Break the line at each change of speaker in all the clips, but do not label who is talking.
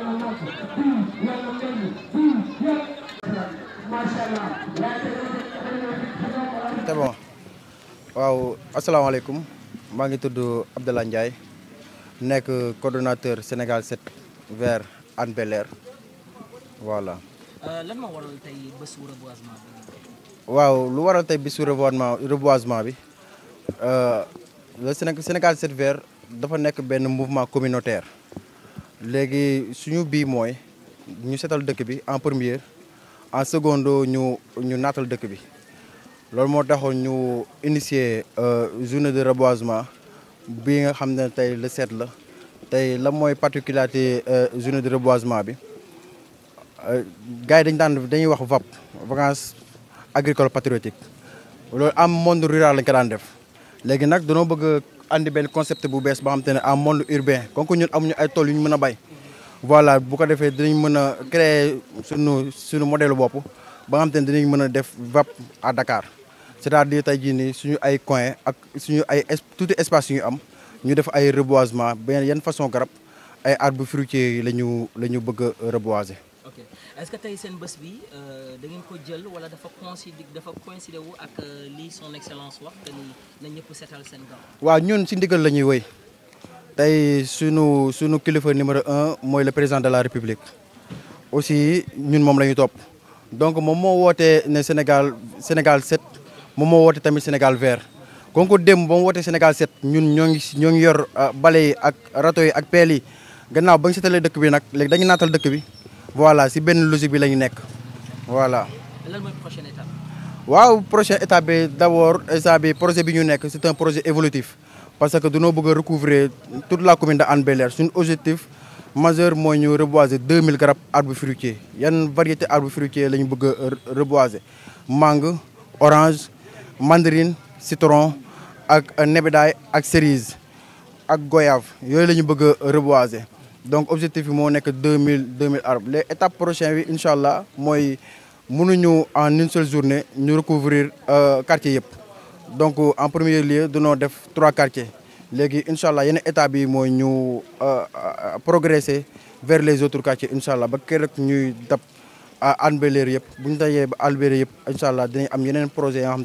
yàlla
màgg
fii bon waaw asalaamaaleykum maa ngi tudd Abdallah Ndiaye nekk coordonnateur Sénégal 7 vers Hann Bel-Air euh, lu waral tey bésu reboisement reboisement bi euh, le Sénégal 7 vers dafa nekk benn mouvement communautaire. léegi suñu bii mooy ñu setal dëkk bi en première en secondo ñu ñu naatal dëkk bi loolu moo taxoon ñu initier euh, journée de reboisement bi nga xam ne tey le seet la tey la mooy particularité euh, journée de reboisement bi euh, gars yi dañ daan dañuy wax VAP vacances agricole patriotiques loolu am monde rural lañ daan def léegi nag danoo bëgg andi benn concept bu bees boo xam te ne en monde urbain kon ko ñun amuñu ay tool ñu mën a bay voilà bu ko defee dinañ mën a créer suñu suñu modèle bopp ba nga xam te ne dinañ mën a def VAP à Dakar cest à di tey jii nii suñu ay coin ak suñu ay tuuti espace yu ñu am ñu def ay reboisement benn yan façon garab ay arbre fruitier yi la ñu la ñu bëgg a reboiser
est-ce que tey seen bés bi euh, da ngeen ko jël wala dafa coïncider dafa coïncider wu ak euh, li son excellence wax te ni na ñëpp seetal seen
gaaw. waaw ñun ci ndigal lañuy ñuy tay suñu suñu sunu kilifa numéro 1 moy le président de la république aussi ñun mom lañuy top donc mom mo woté né Sénégal Sénégal 7 moom moo woote tamit Sénégal vert. kon ko démb woté Sénégal 7 ñun ñoo ngi yor euh, bale ak rato yi ak pel yi gannaaw ba ñu dëkk bi nak légui dañu naatal dëkk bi voilà c'est une logique bi la voilà. lan prochaine étape. la prochaine étape d'abord le projet un projet évolutif parce que nous voulons recouvrir toute la commune de C'est C'est un objectif majeur pour ñu reboiser 2000 Il y a une variété d'arbres fruitiers que nous voulons reboiser mangue orange mandarine citron ak cerise goyave yooyu la que nous reboiser donc objectif bi moo 2000, 2000 arbres les étapes prochaines bi incha nous mooy en une seule journée ñu recouvrir euh, quartier yëpp donc en premier lieu dunoo def trois quartiers léegi incha allah yeneen état bi mooy euh, euh, progresser vers les autres quartiers Inchallah, parce ba nous ñuy dab à Hann inchallah, air yëpp bu ba am yeneen projet yoo xam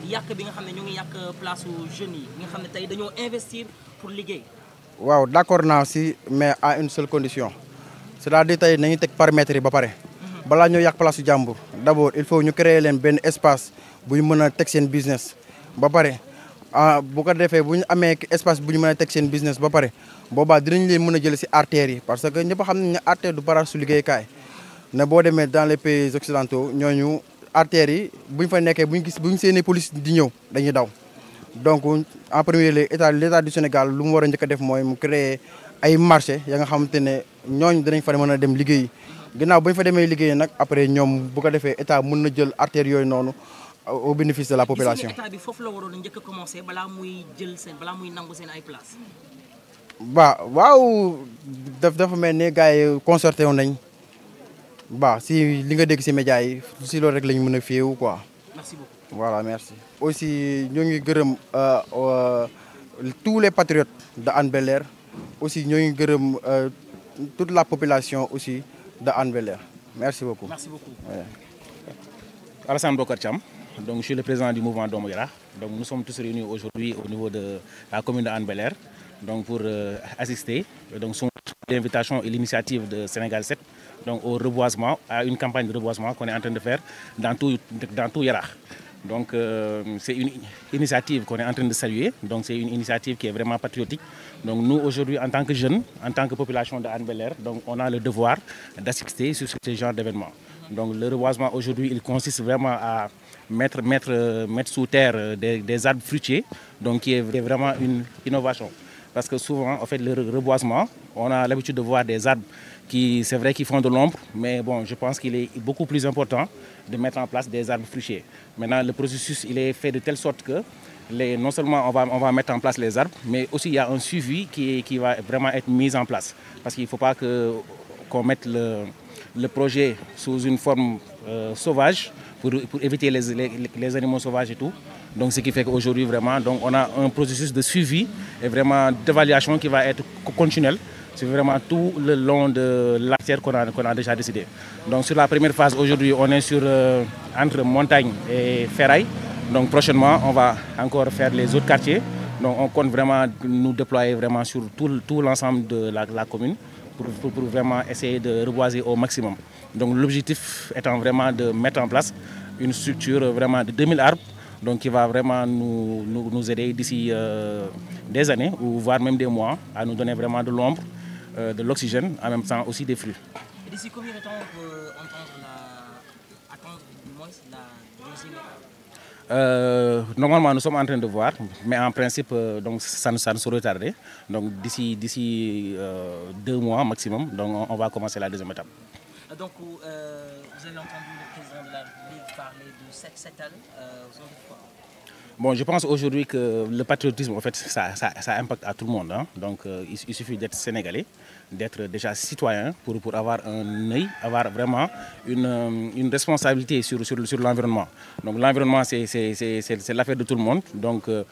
Wow, bi nga pour mais à une seule condition C'est la détail dire paramètres mhm.
place
il faut créer un espace pour mëna business ba ah bu espace pour business ba dinañ artères parce que ñëpp xam un artère du para su kay. Né dans les pays occidentaux artères yi bu ñu fa nekkee bu ñu gis bu ñu seenee police di ñëw dañuy daw donc en premier lieu état l'état du Sénégal lu mu war a njëkk a def mooy mu créer ay marché ya nga xamante ne ñooñu dinañ fa mën a dem liggéey ginnaaw bu ñu fa demee liggéey nag après ñoom bu ko defee état mën na jël artères yooyu noonu euh, au bénéfice de la population. état
bi foofu la waroon njëkk a commencé balaa muy jël seen balaa muy nangu seen ay place.
waaw waaw daf dafa mel ni gars yi concerté wu nañ. Bah, si li que c'est si médias yi si loolu rek nous quoi. merci beaucoup voilà merci. aussi nous avons à tous les patriotes de Hann aussi nous euh, avons toute la population aussi de merci beaucoup. merci beaucoup.
Alassane Bokar Donc, je suis le président du mouvement Domoyara. Donc, nous sommes tous réunis aujourd'hui au niveau de la commune danne donc pour euh, assister. Donc, son invitation et l'initiative de Sénégal 7 donc au reboisement, à une campagne de reboisement qu'on est en train de faire dans tout, dans tout Donc euh, c'est une initiative qu'on est en train de saluer, donc c'est une initiative qui est vraiment patriotique. Donc nous aujourd'hui en tant que jeunes, en tant que population de Anne donc on a le devoir d'assister sur ce genre d'événement. Donc le reboisement aujourd'hui, il consiste vraiment à mettre, mettre, euh, sous terre euh, des, des arbres fruitiers, donc qui est vraiment une innovation parce que souvent, en fait, le reboisement, on a l'habitude de voir des arbres qui, c'est vrai, qui font de l'ombre, mais bon, je pense qu'il est beaucoup plus important de mettre en place des arbres frichés. Maintenant, le processus, il est fait de telle sorte que non seulement on va, on va mettre en place les arbres, mais aussi il y a un suivi qui, qui va vraiment être mis en place. Parce qu'il ne faut pas qu'on mette le, le projet sous une forme euh, sauvage pour, éviter les, animaux sauvages et tout. Donc, ce qui fait qu'aujourd'hui, vraiment, on a un processus de suivi et vraiment d'évaluation qui va être continuel. C'est vraiment tout le long de l'acteur qu'on a, déjà décidé. Donc, sur la première phase, aujourd'hui, on est sur euh, entre montagne et ferraille. Donc, prochainement, on va encore faire les autres quartiers. Donc, on compte vraiment nous déployer vraiment sur tout, l'ensemble de la commune pour, vraiment essayer de reboiser au maximum. Donc l'objectif étant vraiment de mettre en place une structure vraiment de 2000 arbres donc qui va vraiment nous, nous, aider d'ici euh, des années ou voire même des mois à nous donner vraiment de l'ombre, euh, de l'oxygène, en même temps aussi des fruits.
d'ici combien de temps on peut la, attendre
euh, normalement, nous sommes en train de voir, mais en principe, euh, donc, ça, ça ne saurait Donc, d'ici, euh, deux mois maximum, on, va commencer la deuxième étape.
Euh, donc, vous avez entendu le président de la ville parler de cette, année. vous en dites quoi
je pense aujourd'hui que le patriotisme, en fait, ça, impacte à tout le monde. Hein. Donc, euh, il, suffit d'être sénégalais, d'être déjà citoyen pour, pour avoir un œil, avoir vraiment une, euh, responsabilité sur, sur, sur l'environnement. Donc, l'environnement, c'est l'affaire de tout le monde. Donc, euh,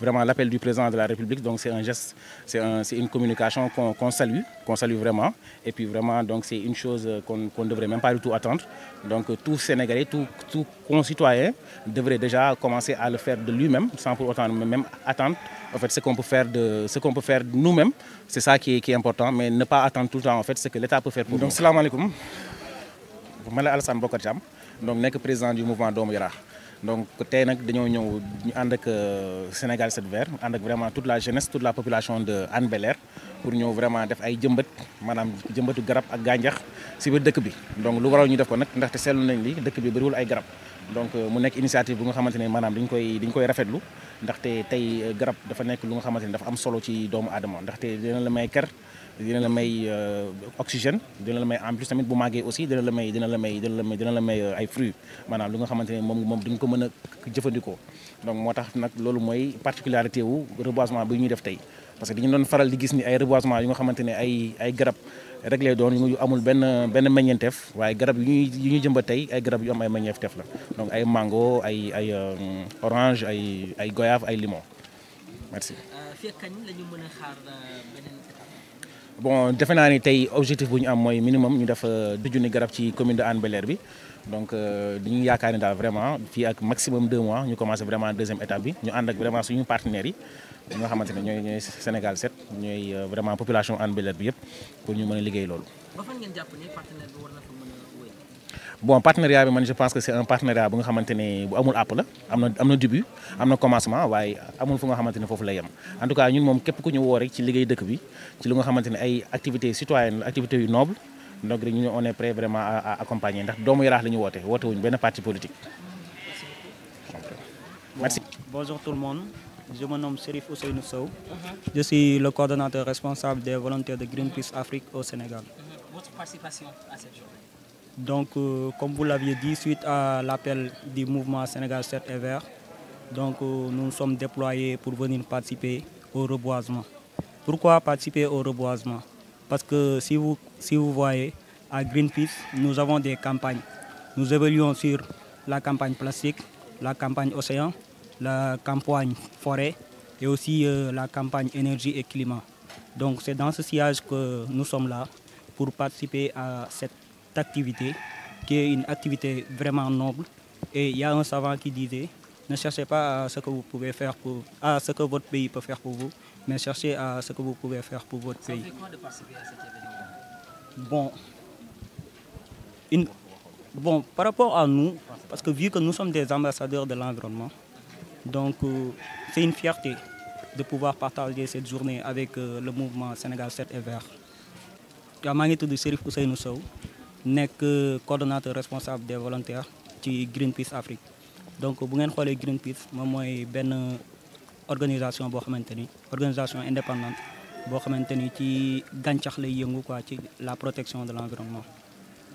vraiment, l'appel du président de la République, donc c'est un geste, c'est une communication qu'on salue, qu'on salue vraiment. Et puis, vraiment, donc c'est une chose qu'on ne devrait même pas du tout attendre. Donc, tout Sénégalais, tout, tout concitoyen devrait déjà commencer à le faire de lui-même, sans pour autant même attendre en fait, ce qu'on peut faire de ce qu'on peut faire nous-mêmes. C'est ça qui est, important, mais ne pas attendre tout le temps en fait ce que l'État peut faire pour nous. Donc, salam alaikum. Je suis Alassane Bokarjam, donc, président du mouvement Domira donc tay nak dañu ñëw ñu and ak euh, Sénégal 7 Vert and ak vraiment toute la jeunesse toute la population de Anne Belair pour ñëw vraiment def ay jëmbat manam jëmbëtu garab ak gàncax ci biir dëkk bi donc lu waral ñu def ko nak ndax té seetlu nañ li dëkk bi bari bëriwul ay garab donc euh, mu nekk initiative bu nga xamanteni manam dañ koy dañ koy rafetlu ndax té tay euh, garab dafa nekk lu nga xamanteni dafa am solo ci doomu ndax té dina la may ker dina la may euh, oxygène dina la may en plus tamit bu màggee aussi dina la may dina la may dina la may dina la may euh, ay fruits maanaam lu nga xamante ne moom moom duñ ko mën a jëfandikoo donc moo tax nag loolu mooy particularité wu reboisement bi ñuy def tey parce que dañu doon faral di gis ni ay reboisement yu nga xamante ne ay ay garab rek lay doon yu amul benn benn meññeenteef waaye garab yu ñuy yu ñuy jëmbat tey ay garab yu am ay meññeenteef la donc ay mango ay ay euh, orange ay ay goyave ay limon merci.
fii kañ la ñu mën a xaar beneen
bon defe naa ni tey objectif bu ñu am mooy minimum ñu def euh, du junni garab ci commune de Hann Bel-Air bi donc euh, dañuy yaakaar ne daal vraiment fii ak maximum deux mois ñu commencé vraiment deuxième étape bi ñu ànd ak vraiment suñu partenaires yi ñi nga xamante Sénégal 7 ñooy euh, vraiment population Hann bi yëpp pour ñu mën a liggéey loolu.
ba fan ngeen jàpp ni partenaire bi war na
bon partenariat je pense que c'est un partenariat bu nga xamante appelé bu amul app la amna amna début à notre commencement waaye amul fu nga fofu la en tout cas nous, mom képp ku ñu woo rek ci liguey dëkk bi ci lu nga xamante ay activités citoyennes activités noble donc ñu on est prêt vraiment à accompagner ndax doomu yaraax la woté woté parti politique.
merci. bonjour tout le monde. Je me nomme Serif Ousseinou Sow. Uh-huh. Je suis le coordonnateur responsable des volontaires de Greenpeace Afrique au Sénégal. Uh-huh.
Votre participation à cette journée
donc, euh, comme vous l'aviez dit, suite à l'appel du mouvement Sénégal 7 et Vert, donc, euh, nous sommes déployés pour venir participer au reboisement. Pourquoi participer au reboisement Parce que si vous, si vous voyez, à Greenpeace, nous avons des campagnes. Nous évoluons sur la campagne plastique, la campagne océan, la campagne forêt et aussi euh, la campagne énergie et climat. Donc c'est dans ce sillage que nous sommes là pour participer à cette activité qui est une activité vraiment noble. Et il y a un savant qui disait, ne cherchez pas à ce que vous pouvez faire pour, à ce que votre pays peut faire pour vous, mais cherchez à ce que vous pouvez faire pour votre pays. Bon, une, bon, par rapport à nous, parce que vu que nous sommes des ambassadeurs de l'environnement, donc euh, c'est une fierté de pouvoir partager cette journée avec euh, le mouvement Sénégal 7 et Vert. la Magnitude de Serif nous Sow nek coordinateur responsable des volontaires ci Greenpeace Afrique donc bu ngeen xolé Greenpeace mom moy ben organisation bo xamanteni organisation indépendante bo xamanteni ci gàncax lay yëngu quoi ci la protection de l'environnement.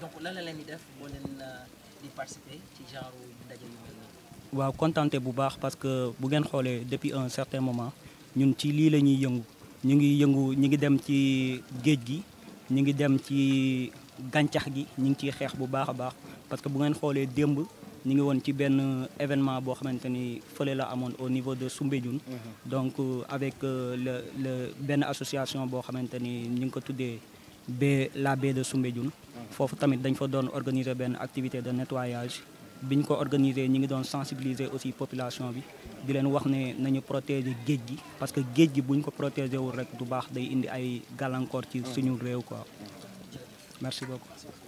donc lan la leen def boo len euh, di participer ci genre ndaje yu
mel waaw contenté bu baax parce que bu ngeen xolé depuis un certain moment ñun ci li lañuy ñuy yëngu ñu ngi yëngu ñu ngi dem ci géej gi ñu ngi dem ci gàncax gi ñu ngi ciy xeex bu baax a baax parce que bu ngeen xoolee démb ñu ngi woon ci benn événement boo xamante ni fële la amoon au niveau de Soumbédioune mhm. donc euh, avec euh, le le benn association boo xamante ni ñu ngi ko tuddee B la baie de Soumbédioune mhm. foofu tamit dañ fa doon organiser benn activité de nettoyage biñ ko organiser ñu ngi doon sensibiliser aussi population bi di leen wax ne nañu protéger géej gi parce que géej gi buñ ko protéger wul rek du baax day indi ay gàllankoor ci mhm. suñu réew quoi Merci beaucoup.